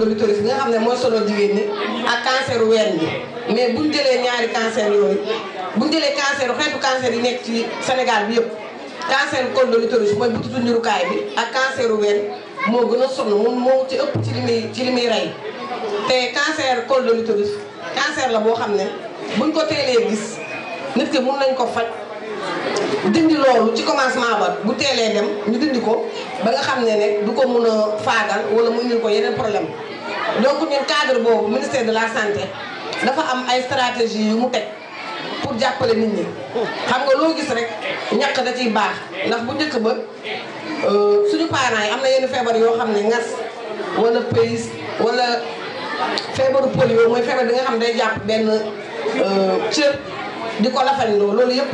de l'utérus nga xam ne mooy solo jigéen ñi ak cancer ween bi mais buñ jëlee ñaari cancer yooyu buñ jëlee cancer xeetu cancer yi nekk ci Sénégal bi yëpp cancer col de l'utérus mooy butitu njurukaay bi ak cancer ween moo gën a sonn moom moo ci ëpp ci li muy ci li muy rey te cancer col de l'utérus cancer la boo xam ne buñ ko teelee gis nit ki mun nañ ko faj dindi loolu ci commencement ba bu teelee dem ñu dindi ko ba nga xam ne ne du ko mun a faagal wala mu indil ko yeneen problème donc ñun cadre boobu ministère de la santé dafa am ay stratégie yu mu teg pour jàppale nit ñi xam nga loo gis rek ñàkk da ciy baax ndax bu njëkk ba euh, suñu parents yi am na yenn feebar yoo xam ne ngas wala pays wala feebaru polio mooy feebar bi nga xam day jàpp benn euh, cër di ko lafandoo loolu yëpp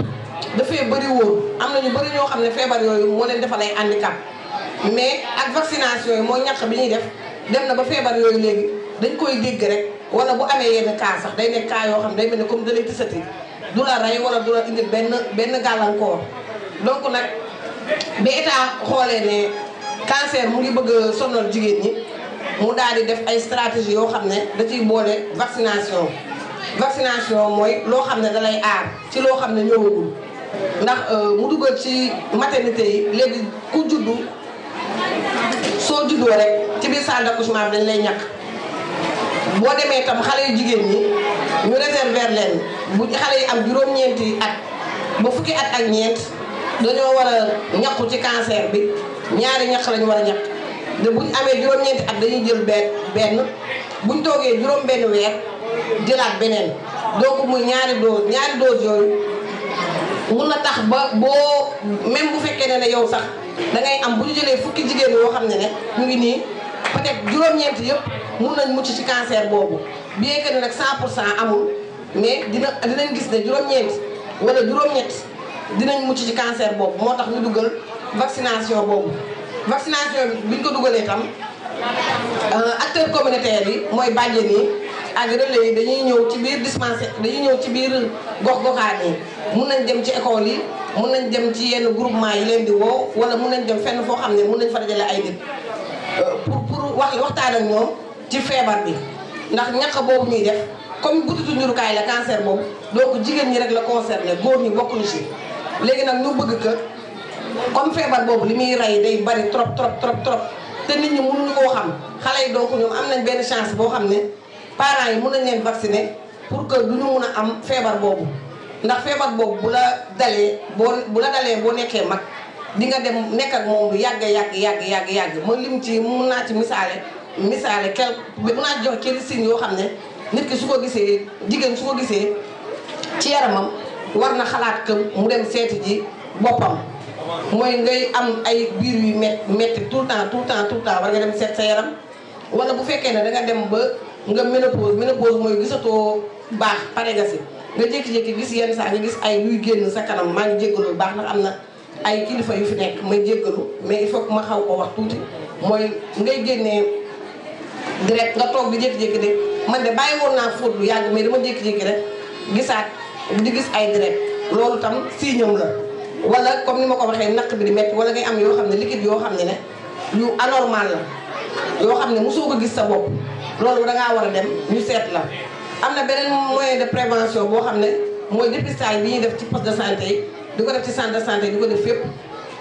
dafay bëri woon am na ñu bëri ñoo xam ne feebar yooyu moo leen defal ay handicap mais ak vaccination yi mooy ñàkk bi ñuy def dem na ba feebar yooyu léegi dañ koy dégg rek wala bu amee yenn cas sax day nekk cas yoo xam day mel ne comme da lay tësati du la rey wala du la indil benn benn gàllankoor donc nag bi état xoolee ne cancer mu ngi bëgg a sonal jigéen ñi mu daal di def ay stratégie yoo xam ne da ciy boole vaccination vaccination mooy loo xam ne dalay aar ci loo xam ne ñëwagul ndax euh, mu dugal ci maternité yi léegi ku juddu soo juddoo rek ci biir salle d'accouchement bi dañ lay ñàkk boo demee itam xale yu jigéen ñi ñu réserver leen bu xale yi am juróom-ñeenti at ba fukki at ak ñeent dañoo war a ñàkku ci cancer bi ñaari ñaq lañu war a ñàkk de buñ amee juróom-ñeenti at dañuy jël benn benn buñ toogee juróom-benn weer jëlaat beneen donc muy ñaari dose ñaari dose yooyu mun na tax ba boo même bu fekkee ne ne yow sax dangay am bu ñu jëlee fukki jigéen yoo xam ne ne ñu ngi nii. peut-être juróom-ñeent yëpp mun nañ mucc ci cancer boobu bien que ni nag 100 pour cent amul mais dina dinañ gis ne juróom-ñeent wala juróom-ñett dinañ mucc ci cancer boobu moo tax ñu dugal vaccination boobu. vaccination bi ñu ko dugalee tam euh, acteurs communautaires yi mooy bàjjen yi ak yi dañuy ñëw ci biir dispensaire dañuy ñëw ci biir gox-goxaan yi mun nañ dem ci école yi mun nañ dem ci yenn groupement yi leen di woo wala mun nañ dem fenn foo xam ne mun nañ fa dajale ay nit. wax waxtaan ak ñoom ci feebar bi ndax ñaq boobu ñuy def comme butitu njurukaay la cancer moom donc jigéen ñi rek la concerné góor ñi bokkuñu si léegi nag ñu bëgg que comme feebar boobu li muy rey day bari trop trop trop trop te nit ñi mënuñu koo xam xale yi donc ñoom am nañ benn chance boo xam ne parents yi mën nañ leen ne pour que du ñu mun a am feebar boobu ndax feebar boobu bu la dalee boo bu la dalee boo nekkee mag di nga dem nekk ak moom lu yàgg yàgg yàgg yàgg yàgg ma lim ci mun naa ci misaale misaale kel mun naa jox ci signes yoo xam ne nit ki su ko gisee jigéen su ko gisee ci yaramam war na xalaat que mu dem seeti ji boppam. mooy ngay am ay biir yu métti métti tout le temps tout le temps temps war nga dem seet sa yaram wala bu fekkee ne da nga dem ba nga ménopause ménopause mooy gisatoo baax pare nga si nga jékki-jékki gis yenn saa nga gis ay luy génn sa kanam maa ngi jégalu baax ndax am na. ay kilifa yu fi nekk may jéggalu mais il faut ma xaw ko wax tuuti mooy ngay génne direct nga toog di jékki-jékki de man de bàyyi woon naa fóot lu yàgg mais dama jékki-jékki rek gisaat di gis ay direct loolu tam si ñoom la wala comme ni ma ko waxee naq bi di métti wala ngay am yoo xam ne liquide yoo xam ne ne yu anormal la yoo xam ne mosoo ko gis sa bopp loolu da ngaa war a dem ñu seet la am na beneen moyen de prévention boo xam ne mooy dépistage bi ñuy def ci poste de santé di ko def ci centre de santé di ko def fépp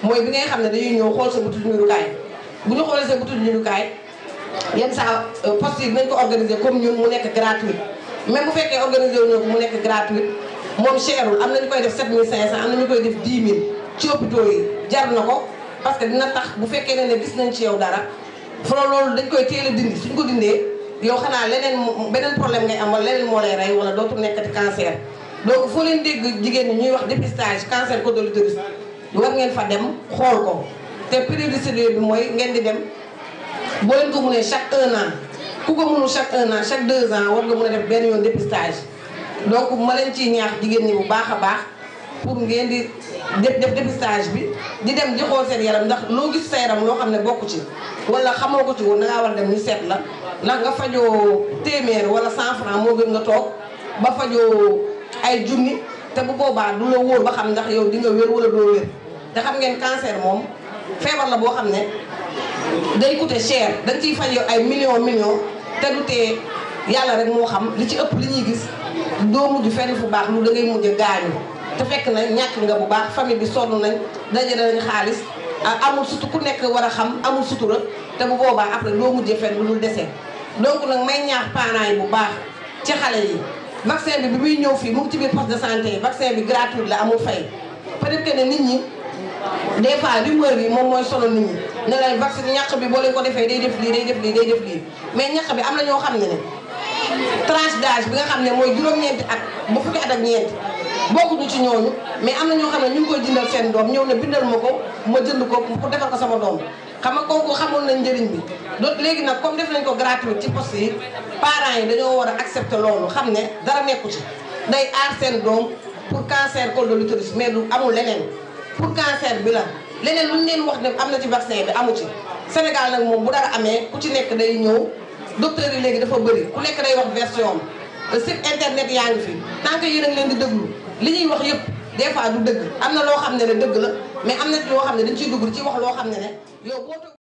mooy bi ngay xam ne dañuy ñëw xool sa butu ñurukaay bu ñu xoolee sa butu ñurukaay yenn saa euh, poste yi nañ ko organiser comme ñun mu nekk gratuit même bu fekkee organiser wu ñoo ko gratuit moom cherul am na ñu koy def 7500 am na ñu koy def 10 000 ci hôpitaux yi jar na ko parce que dina tax bu fekkee ne ne gis nañ ci yow dara folo loolu dañ koy teel a dindi suñ ko dindee yow xanaa leneen moom beneen problème ngay am wala leneen moo lay rey wala dootu nekkati donc foo leen dégg jigéen ñi ñuy wax dépistage cancer du col de l'utérus war ngeen fa dem xool ko te périodicité bi mooy ngeen di dem boo leen ko mënee chaque un an ku ko mënul chaque un an chaque deux an war nga mën a def benn yoon dépistage donc ma leen ci ñaax jigéen ñi bu baax a baax pour ngeen di def def dépistage bi di dem di xool seen yaram ndax loo gis sa yaram loo xam ne bokku ci wala xamoo ko ci woon da ngaa war a dem ñu seet la ndax nga fajoo téeméer wala cent moo gën nga toog ba fajoo ay junni te bu boobaa du la wóor ba xam ndax yow di nga wér wala doo wér te xam ngeen cancer moom feebar la boo xam ne day coûter cher dañ ciy faj ay millions millions te du tee yàlla rek moo xam li ci ëpp li ñuy gis doo mujj fenn fu baax lu da ngay mujj gaañu te fekk na ñàkk nga bu baax famille bi sonn nañ dajale nañ xaalis a amul sutu ku nekk war a xam amul sutura te bu boobaa après doo mujjee fenn lu dul dese ko nag may ñaax parents yi bu baax ci xale yi vaccin bi bi muy ñëw fii mu ngi ci biir poste de santé yi vaccin bi gratuit la amul fay peut-être que ne nit ñi des fois rumeur moom mooy solo nit ñi ne la vaccin ñàq bi boo leen ko defee day def lii day def lii day def lii mais ñàq bi am na ñoo xam ne ne tranche bi nga xam ne mooy juróom ak at bu fukki at ak ñeenti bokkuñu ci ñooñu mais am na ñoo xam ne ñu ngi koy jëndal seen doom ñëw ne bindal ma ko ma jënd ko pour defal ko sama doom xam kooku xamoon nañ njëriñ bi doo léegi nag comme def nañ ko gratuit ci poste yi parents yi dañoo war a accepter loolu xam ne dara nekku ci day aar seen doom pour cancer col lu l'utérus mais du amul leneen pour cancer bi la leneen lu ñu leen wax ne am na ci vaccin bi amu ci Sénégal nag moom bu dara amee ku ci nekk day ñëw docteur yi léegi dafa bëri ku nekk day wax version am site internet yaa ngi fi tant que yéen a leen di déglu li ñuy wax yëpp des fois du dëgg am na loo xam ne ne dëgg la mais am na ci xam ne dañ ciy dugg ci wax loo xam ne ne yow moo tax